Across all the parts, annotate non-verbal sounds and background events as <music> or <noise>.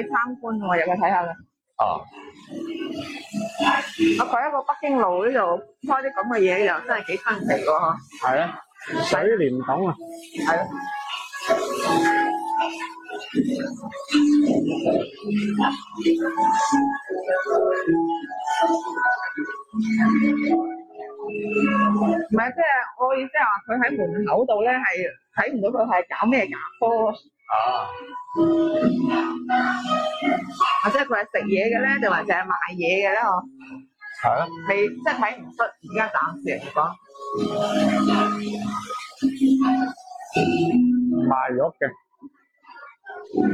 我去參觀喎，入去睇下啦。啊！佢喺個北京路呢度開啲咁嘅嘢，又真係幾新奇喎，嗬！係啊，洗蓮蓬啊！係啊！唔係即係我意思係話，佢喺門口度咧係睇唔到佢係搞咩牙科。啊我！啊，即係佢係食嘢嘅咧，定還是係賣嘢嘅咧？嗬？係咯。你，即係睇唔出，而家暫時嚟講。賣肉嘅。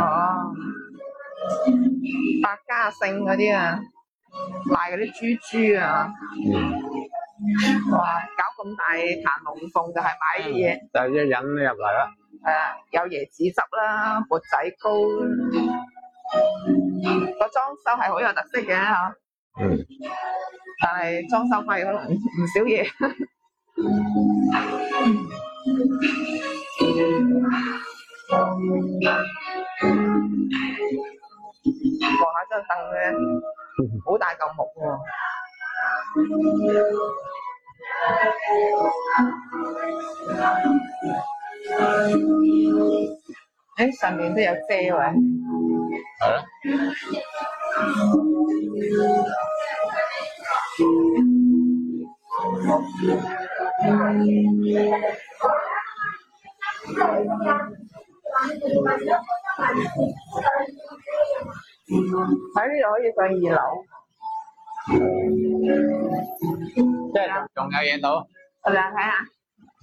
哦、啊。百家姓嗰啲啊，賣嗰啲豬豬啊。嗯。哇！搞咁大彈龍鳳就係賣啲嘢。就係一引你入嚟啦。誒有椰子汁啦，缽仔糕，個、嗯、裝修係好有特色嘅嚇、嗯。但係裝修費可能唔少嘢。望下張凳咧，好、嗯、大嚿木喎。嗯嗯。誒，上面都有遮位。吓，喺呢度又可以上二樓，即係仲有嘢到。嚟啦，睇下。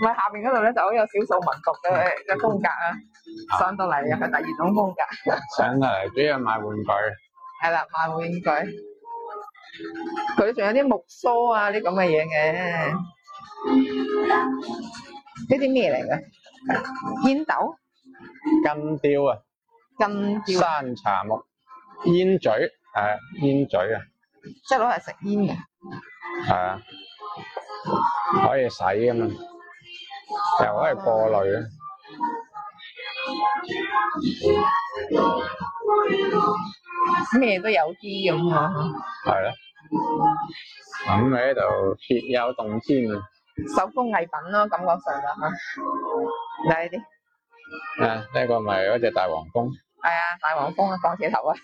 唔係下面嗰度咧，就好有少數民族嘅嘅風格啊，上到嚟又係第二種風格。上到嚟主要買玩具。係啦，買玩具。佢仲有啲木梳啊，啲咁嘅嘢嘅。呢啲咩嚟嘅？煙斗。根雕啊。根雕。山茶木煙嘴，誒煙嘴啊。即係攞嚟食煙嘅。係啊。可以洗啊嘛。又可以破例啊！咩都有啲咁、嗯、啊，係咧，咁咪喺度別有洞天啊！手工藝品咯，感覺上就吓，睇啲，啊，呢、啊啊這個咪嗰隻大黃蜂，係啊，大黃蜂啊，放車頭啊，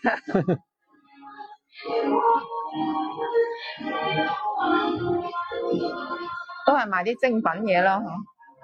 <laughs> 都係賣啲精品嘢咯，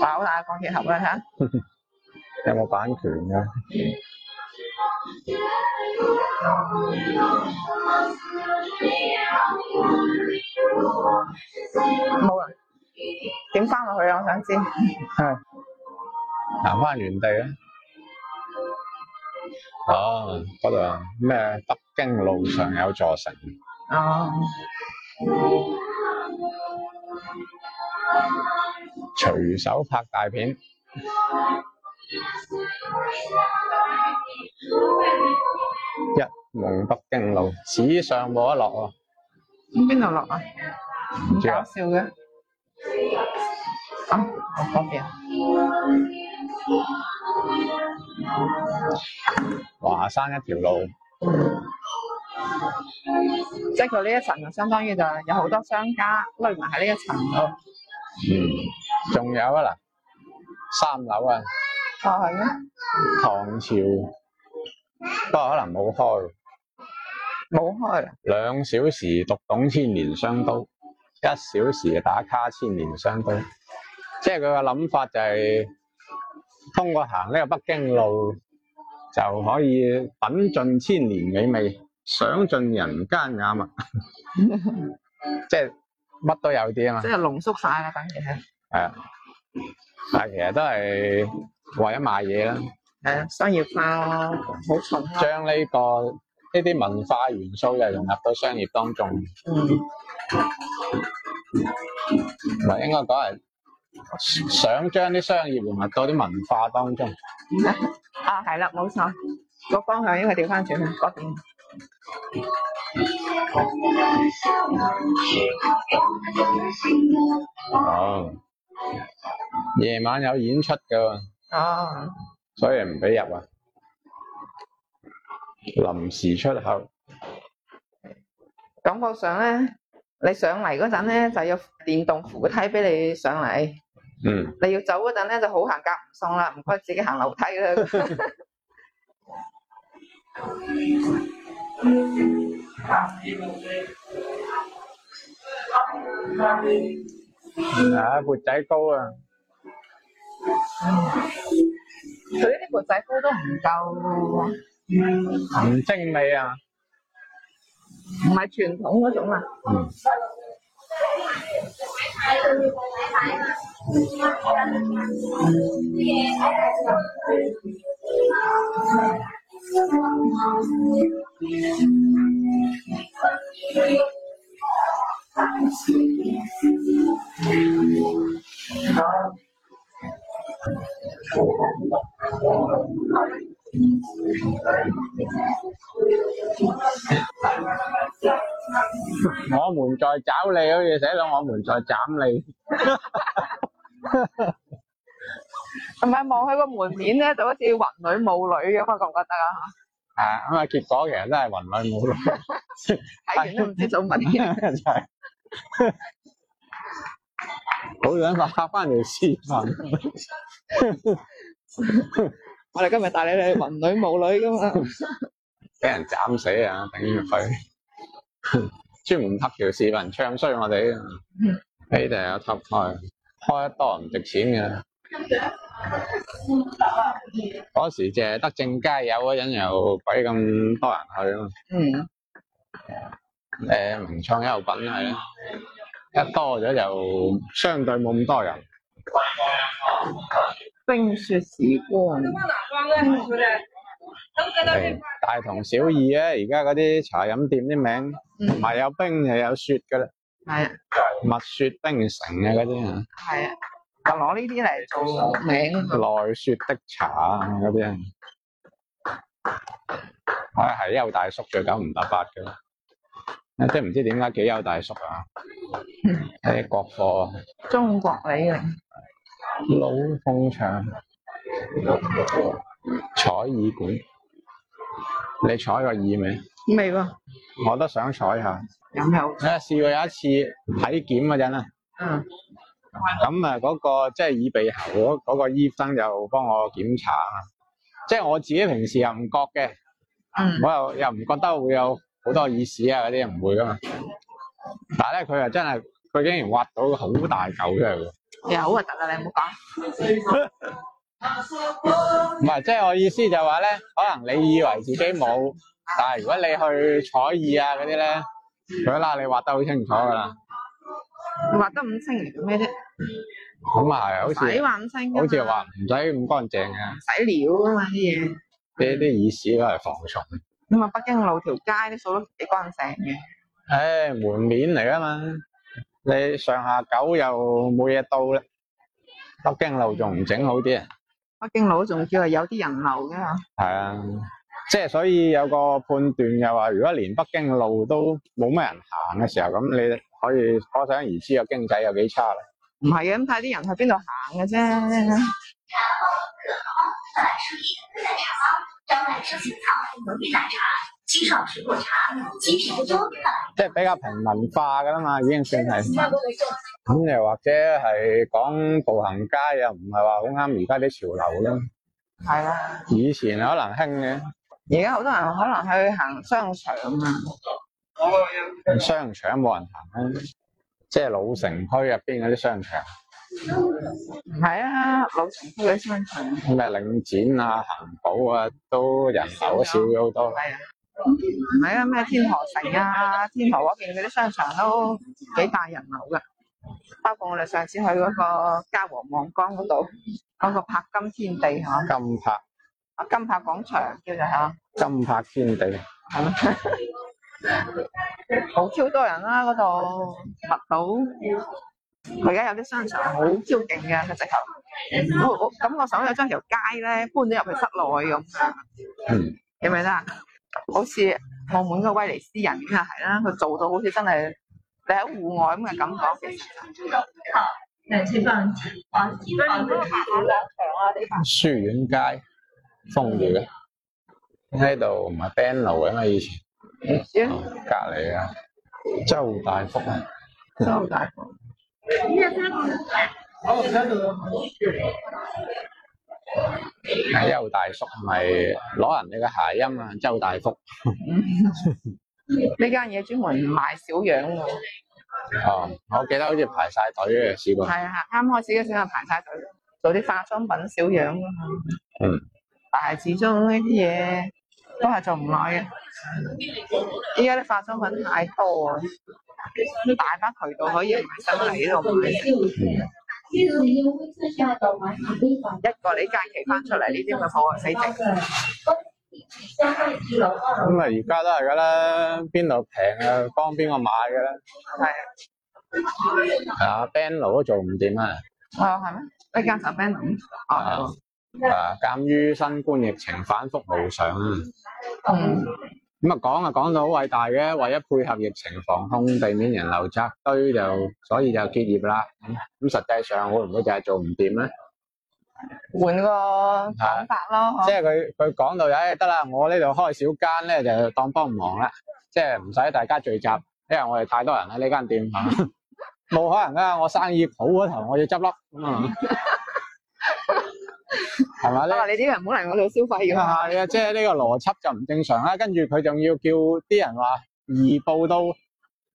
好大鋼鐵俠啊嚇！ <laughs> 有冇版權啊？冇、嗯、啊！點翻落去啊？我想知，行翻原地啊！哦、啊，嗰度啊，咩北京路上有座城。嗯嗯。隨手拍大片，一夢北京路，史上冇得落喎。邊度落啊？唔知搞笑嘅啊，好方便華山一條路，即係佢呢一層就相當於就係有好多商家匿埋喺呢一層度，哦。嗯。仲有啊嗱，三樓啊，啊係咩？唐朝，不過可能冇開，冇開。兩小時讀懂千年商都，嗯，一小時打卡千年商都，即係佢嘅諗法就係、是、通過行呢個北京路就可以品盡千年美味，賞盡人間雅物， <laughs> <laughs> 即係乜都有啲啊嘛，即係濃縮晒啦，等於係。係啊，但係其實都係為咗賣嘢啦。係啊，商業化咯，好重。將呢個呢啲文化元素又融入到商業當中。嗯。唔係應該講係想將啲商業融入到啲文化當中。啊，係啦，冇錯，個方向應該調返轉去嗰邊。哦。夜晚有演出噶，啊，所以唔俾入啊！臨時出口，感覺上咧，你上嚟嗰陣咧就有電動扶梯俾你上嚟，嗯，你要走嗰陣咧就好行夾唔送啦，唔該自己行樓梯啦。 <laughs> <laughs> 啊！砵仔糕啊，佢啲砵仔糕都唔夠唔精美啊，唔係傳統嗰種啊。 <laughs> 我們在找你，好似寫到我們在找你。係咪望佢個門面咧，就好似雲裏霧裏咁，覺唔覺得啊？係咁啊，結果其實都係雲裏霧裏，睇完都唔知做乜嘢，真係。好 <laughs> 想拍翻條視頻，我哋今日帶你哋雲女舞女噶嘛，俾人斬死啊！等住佢專門拍條視頻唱衰我哋，啊 <laughs> 你哋有偷開，開得多唔值錢嘅。嗰時淨係得正街有嗰人又鬼咁多人去。嗯。誒、欸，名創優品係啦，一多咗就相對冇咁多人。冰雪時光、嗯欸。大同小異啊！而家嗰啲茶飲店啲名，唔係、嗯、有冰又有雪噶啦。係。蜜雪冰城的那些啊，嗰啲啊。係啊，就攞呢啲嚟做名。奈雪的茶啊，嗰啲啊。啊，係邱大叔再搞九唔搭八嘅。即係唔知點解幾有大叔啊！啲、嗯、國貨、啊，中國李寧、老鳳祥、彩耳館，你彩過耳未？未喎，我都想彩下。有冇？誒，試過有一次體檢嗰陣啊，嗯，咁啊嗰個即係耳鼻喉嗰、嗰個醫生又幫我檢查啊，即、就、係、是、我自己平時又唔覺嘅、嗯，我又又唔覺得會有。好多耳屎啊！嗰啲唔會噶嘛，但係咧佢又真係，佢竟然挖到好大嚿出嚟喎！又係好核突啊！你唔好講，唔 <laughs> 係 <laughs> 即係我意思就話咧，可能你以為自己冇，但係如果你去採耳啊嗰啲咧，佢拉你挖得好清楚噶啦。挖得咁清嚟做咩啫？咁啊係，好似好似話唔使咁乾淨啊，唔使料啊嘛啲嘢。呢啲耳屎都係防蟲。咁啊、哎，北京路條街啲數都幾乾淨嘅。誒，門面嚟啊嘛，你上下九又冇嘢到啦。北京路仲唔整好啲啊？北京路仲叫係有啲人流嘅嘛。係啊，即係所以有個判斷又話，如果連北京路都冇乜人行嘅時候，咁你可以可想而知個經濟有幾差啦。唔係啊，咁派啲人去邊度行嘅啫。 <noise> 即係比較平民化噶啦嘛，已經算係。咁又或者係講步行街又唔係話好啱而家啲潮流啦。係啦、啊。以前可能興嘅，而家好多人可能去行商場啊。嘛，商場冇人行啊，即係老城區入邊嗰啲商場。唔、嗯、係啊，老城區嘅商場，咩領展啊、恒寶啊，都人流都少咗好多。係、嗯、啊，唔係啊，咩天河城啊、天河嗰邊嗰啲商場都幾大人流噶，包括我哋上次去嗰個嘉禾望崗嗰度，嗰、嗰個柏金天地吓。金柏啊，金柏廣場叫做吓、啊。金柏天地係好超多人啊！嗰度麥島。佢而家有啲商場好超勁噶個直頭，我好，感覺上有將條街咧搬咗入去室內咁啊！嗯，記唔記得啊？好似澳門個威尼斯人咁啊，係啦，佢做到好似真係你喺戶外咁嘅感覺。是啊，零錢班錢啊，幾分鐘？啊，書院街封住嘅，喺度唔係 band 路嘅咩？以前隔離啊，周大福啊，周大福。五個喺周大叔係咪攞人哋嘅諧音啊？周大福。呢間嘢專門賣小樣嘅。哦，我記得好似排晒隊嘅，試過。係啊，啱開始嘅時候排晒隊，做啲化妝品小樣啊嘛。嗯，牌子中呢啲嘢。都係做唔耐嘅，依家啲化妝品太多啊！大把渠道可以唔係喺呢度買。嗯。一個你假期翻出嚟，你啲咪好啊死直。咁啊，而家都係噶啦，邊度平啊幫邊個買嘅咧？係。係啊 Ben 佬都做唔掂啊！哦，係咩？一間手 Ben 佬啊，oh. 嗯？誒、啊，鑒於新冠疫情反覆無常啊，咁啊講啊講到好偉大嘅，為咗配合疫情防控，避免人流扎堆就，所以就結業啦。咁、嗯嗯、實際上會唔會就係做唔掂咧？換個講法咯，即係佢佢講到就得啦，我呢度開小間咧就當幫唔忙啦，即係唔使大家聚集，因為我哋太多人喺呢間店，冇、啊、 <laughs> 可能噶，我生意好過頭，我要執笠咁啊。嗯嗯 <laughs> 係咪啦？你啲人唔好嚟我度消費嘅。係啊，即係呢個邏輯就唔正常啦。跟住佢仲要叫啲人話移步到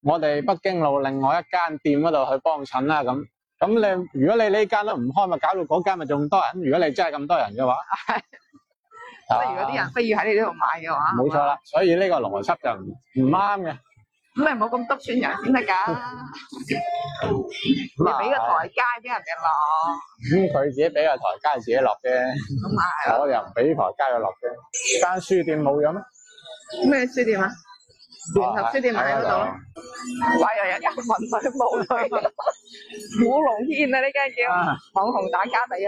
我哋北京路另外一間店嗰度去幫襯啦。咁咁你如果你呢間都唔開，咪搞到嗰間咪仲多人。如果你真係咁多人嘅話， <laughs> 啊、 <laughs> 如果啲人非要喺你呢度買嘅話，冇錯啦。 <laughs> 所以呢個邏輯就唔唔啱嘅。 <laughs> 咁咪冇咁篤穿人先得噶，你、啊、俾 <laughs> 個台階俾人哋落。咁、嗯、佢自己俾個台階，自己落啫、嗯。我又唔俾台階，佢落嘅。間書店冇咗咩？咩書店啊？聯合書店買得到、啊。哇！又又又雲女無女，舞龍軒啊！呢間叫網紅打卡地啊！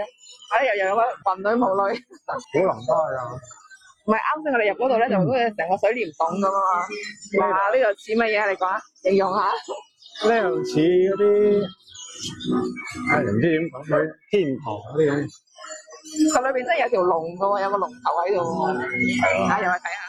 哎、啊、有呀！雲女無女，好浪漫啊！唔係啱先，我哋入嗰度咧，就好似成個水簾洞咁啊嘛！嗱、這個，呢度似乜嘢？你講，形容下。呢度似嗰啲，係唔知點講，好似天堂嗰那啲 <laughs> 佢裏邊真係有條龍噶喎，有個龍頭喺度，啊，入去睇下。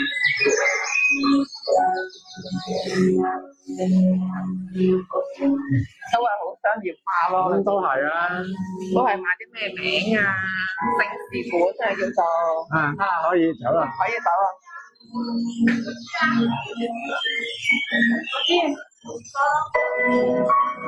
嗯嗯都係好商業化咯，都係啊，都係賣啲咩名啊、姓事果，即係叫做啊，啊，可以走啦，可以走啦，好、嗯、好。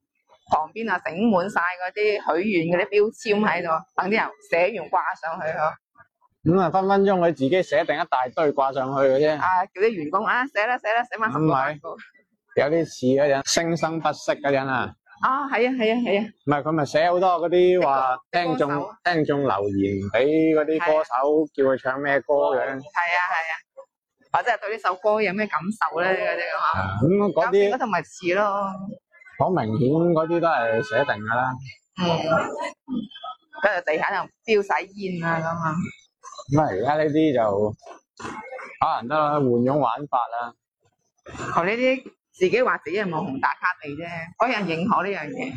旁邊啊，整滿晒嗰啲許願嗰啲標籤喺度，等啲人寫完掛上去嗬。咁啊，分分鐘佢自己寫定一大堆掛上去嘅啫。啊，叫啲員工啊，寫啦寫啦寫嘛。唔係，有啲似嗰啲聲生不息嗰啲人啊。啊，係啊係啊係啊。唔係佢咪寫好多嗰啲話聽眾聽眾留言俾嗰啲歌手，叫佢唱咩歌嘅。係啊係啊，或者係對呢首歌有咩感受咧嗰啲啊。咁嗰啲同埋似咯。好明顯嗰啲都係寫定㗎啦，嗯，跟住地下就標晒煙啊咁啊。咁啊，而家呢啲就可能得啦，換種玩法啦。佢呢啲自己話自己係網紅打卡地啫，嗰人認可呢樣嘢。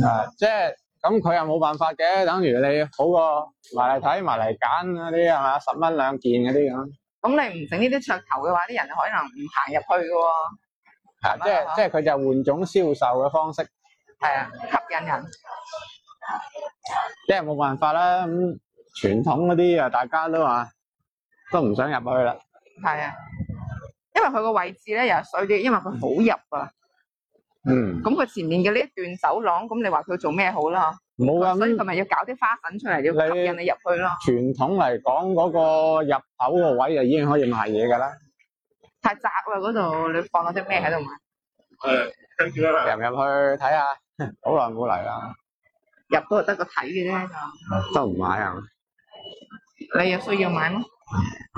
係，即係咁佢又冇辦法嘅，等於你好過埋嚟睇埋嚟揀嗰啲係嘛，十蚊兩件嗰啲咁。咁你唔整呢啲噱頭嘅話，啲人可能唔行入去㗎喎。啊！即係即係，佢就換種銷售嘅方式。係啊，吸引人。即係冇辦法啦，咁傳統嗰啲啊，大家都話，都唔想入去啦。係啊，因為佢個位置咧又係水啲，因為佢好入啊。嗯。咁佢前面嘅呢一段走廊，咁你話佢做咩好啦？冇啊，所以佢咪要搞啲花粉出嚟，要吸引你入去咯。傳統嚟講，嗰個入口個位啊，已經可以賣嘢噶啦。太窄啦嗰度，你放咗啲咩喺度啊？係跟住啦，入入去睇下，好耐冇嚟啦。入都係得個睇嘅啫，就都唔買啊？你有需要買咩？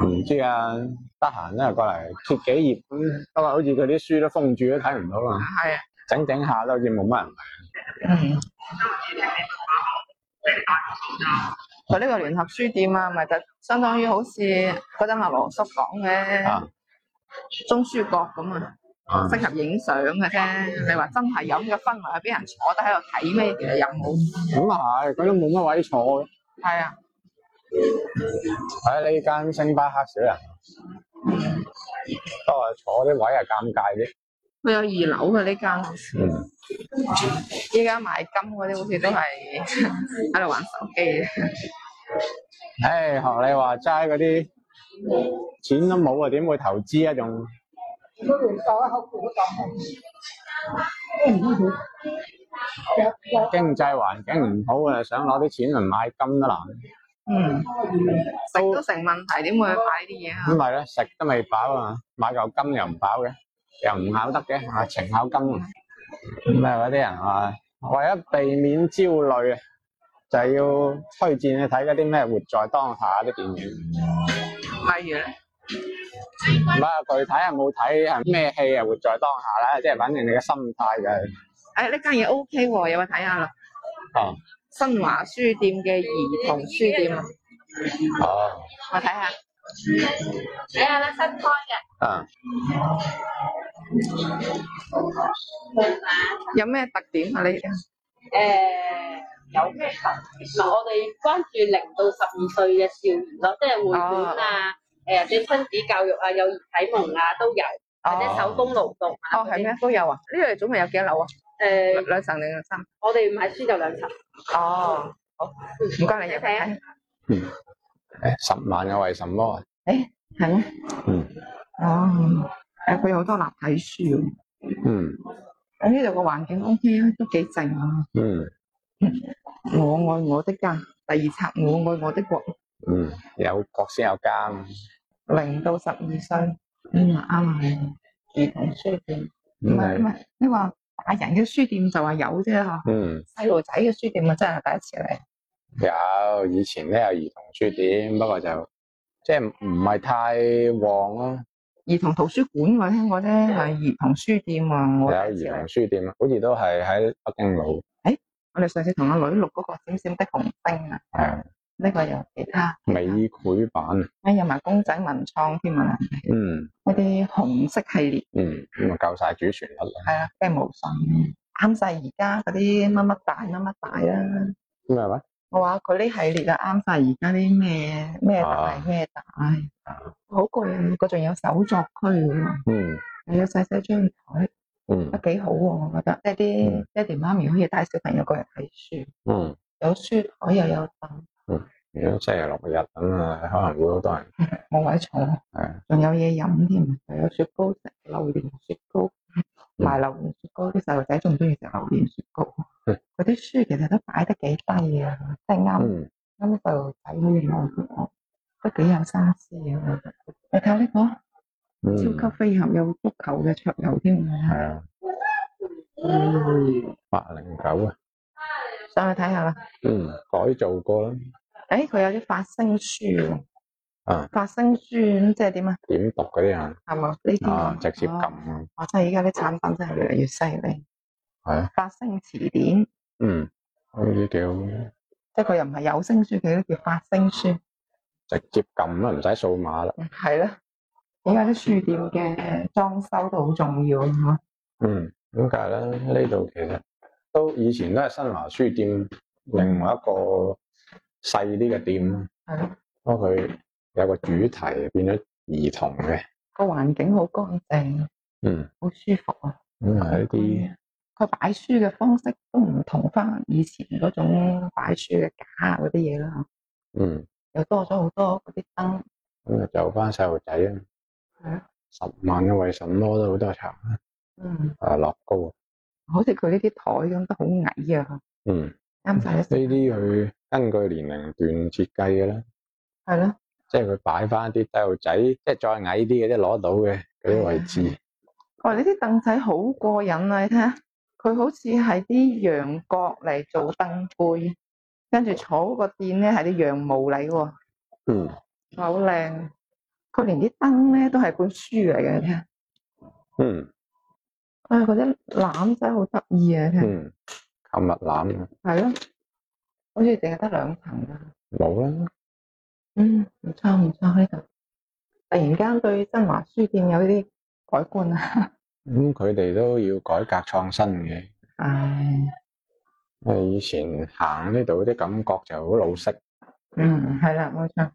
唔知啊，得閒咧過嚟貼幾頁咁，不、嗯、過好似佢啲書都封住，都睇唔到啊。係啊，整整下都好似冇乜人買。嗯。佢呢 <laughs> 個聯合書店啊，咪就相當於好似嗰陣阿羅叔講嘅。啊。中書閣咁、嗯嗯、啊，適合影相嘅啫。你話真係有嘅氛圍，俾人坐得喺度睇咩？其實有冇。咁啊係，佢都冇乜位坐嘅。係啊，喺呢間星巴克少人，都係坐啲位啊。尷尬啲。佢有二樓嘅呢間。嗯。依家賣金嗰啲，好似都係喺度玩手機。唉、哎，學你話齋嗰啲。錢都冇啊，點會投資啊？仲經濟環境唔好啊，想攞啲錢嚟買金都難。嗯，食都成問題，點會去買啲嘢啊？咁咪咧，食都未飽啊，買嚿金又唔飽嘅，又唔咬得嘅，啊情咬金啊！咩啊，嗰啲人啊，為咗避免焦慮啊，就係要推薦你睇嗰啲咩活在當下啲電影。例如咧，唔係啊，具體係冇睇係咩戲啊，活在當下啦，即係反正你嘅心態就係，誒呢間嘢 O K 喎，有冇睇下啦？哦、啊，新華書店嘅兒童書店啊，哦，我睇下，睇下啦，新開嘅、啊，啊，有咩特點啊你？誒、欸。有咩特點？嗱，我哋關注零到十二歲嘅少年咯，即係繪本啊，誒、哦，啲、呃、親子教育啊，幼兒啟蒙啊都有，或者手工勞動啊。哦，係咩？都有啊？呢度總共有幾多樓啊？誒、呃，兩層定三層？我哋買書就兩層。哦，好唔該，你入去睇。嗯，誒、欸，十萬嘅為什麼？誒、欸，係咩、啊？嗯。哦、啊，誒，佢好多立體書。嗯。咁呢度個環境 O、OK、K 啊，都幾靜啊。嗯。我愛我的家，第二冊我愛我的國。嗯，有國先有家。零到十二歲，啱、嗯、啊、嗯！兒童書店唔係唔係，你話大人嘅書店就話有啫嗬。嗯。細路仔嘅書店咪真係第一次嚟。有以前咧有兒童書店，不過就即係唔係太旺咯。兒童圖書館我聽過啫，係兒童書店啊。我有兒童書店，好似都係喺北京路。我哋上次同阿女錄嗰個閃閃的紅星啊，呢個又其他美繪版啊，哎有埋公仔文創添啊，嗯，一啲紅色系列，嗯，咁啊夠晒主旋律啦，係啊，雞毛粉啱晒而家嗰啲乜乜大乜乜大啦，咩話？我話佢呢系列啊啱晒而家啲咩咩大咩大，好攰啊，佢仲有手作區喎，嗯，又有細細張台。嗯，都幾好喎、啊，我覺得即係啲爹哋媽咪可以帶小朋友過嚟睇書，嗯，有書台又有凳，嗯，如果星期六日咁啊，可能會好多人，冇位坐，係，仲有嘢飲添，又有雪糕食，榴蓮雪糕，賣、嗯、榴蓮雪糕啲細路仔仲中意食榴蓮雪糕，佢啲、嗯、書其實都擺得幾低啊，即係啱啱就睇呢住我，都幾有心思嘅，我覺得，你睇呢、這個。嗯、超級飛俠有足球嘅桌遊添，係啊，八零九啊、嗯，上去睇下啦。嗯，改造過啦。誒、欸，佢有啲發聲書啊，發聲書即係點啊？點讀嗰啲啊？係嘛？呢啲啊，直接撳啊！我真係依家啲產品真係越嚟越犀利。係啊。發聲詞典。嗯，好似幾好。即係佢又唔係有聲書，佢都叫發聲書，直接撳啦，唔使掃碼啦。係、嗯、啦。而家啲書店嘅裝修都好重要咯，嗯，點解咧？呢度其實都以前都係新華書店、嗯、另外一個細啲嘅店，係、嗯、咯，不過佢有個主題變咗兒童嘅個環境好乾淨，嗯，好舒服啊，咁係一啲佢擺書嘅方式都唔同翻以前嗰種擺書嘅架嗰啲嘢啦，嚇，嗯，又多咗好多嗰啲燈，咁、嗯、就就翻細路仔啊！啊、十萬嘅衛生攞都好多茶？啊！嗯，啊樂高，好似佢呢啲台咁，都好矮啊！嗯，啱晒呢啲佢根據年齡段設計嘅啦，係咯、啊，即係佢擺翻啲細路仔，即、就、係、是、再矮啲嘅都攞到嘅嗰啲位置。哇、啊！呢啲凳仔好過癮啊！你睇下，佢好似係啲羊角嚟做凳背，跟住坐嗰個墊咧係啲羊毛嚟喎。嗯，好靚！佢連啲燈咧都係本書嚟嘅，聽。嗯。啊，嗰啲攬仔好得意啊，聽。嗯。購物籃。係咯。好似淨係得兩層㗎。冇啦。嗯，唔錯唔錯喺度。突然間對新華書店有啲改觀啊。咁佢哋都要改革創新嘅。唉。因為以前行呢度啲感覺就好老式。嗯，係啦，冇錯。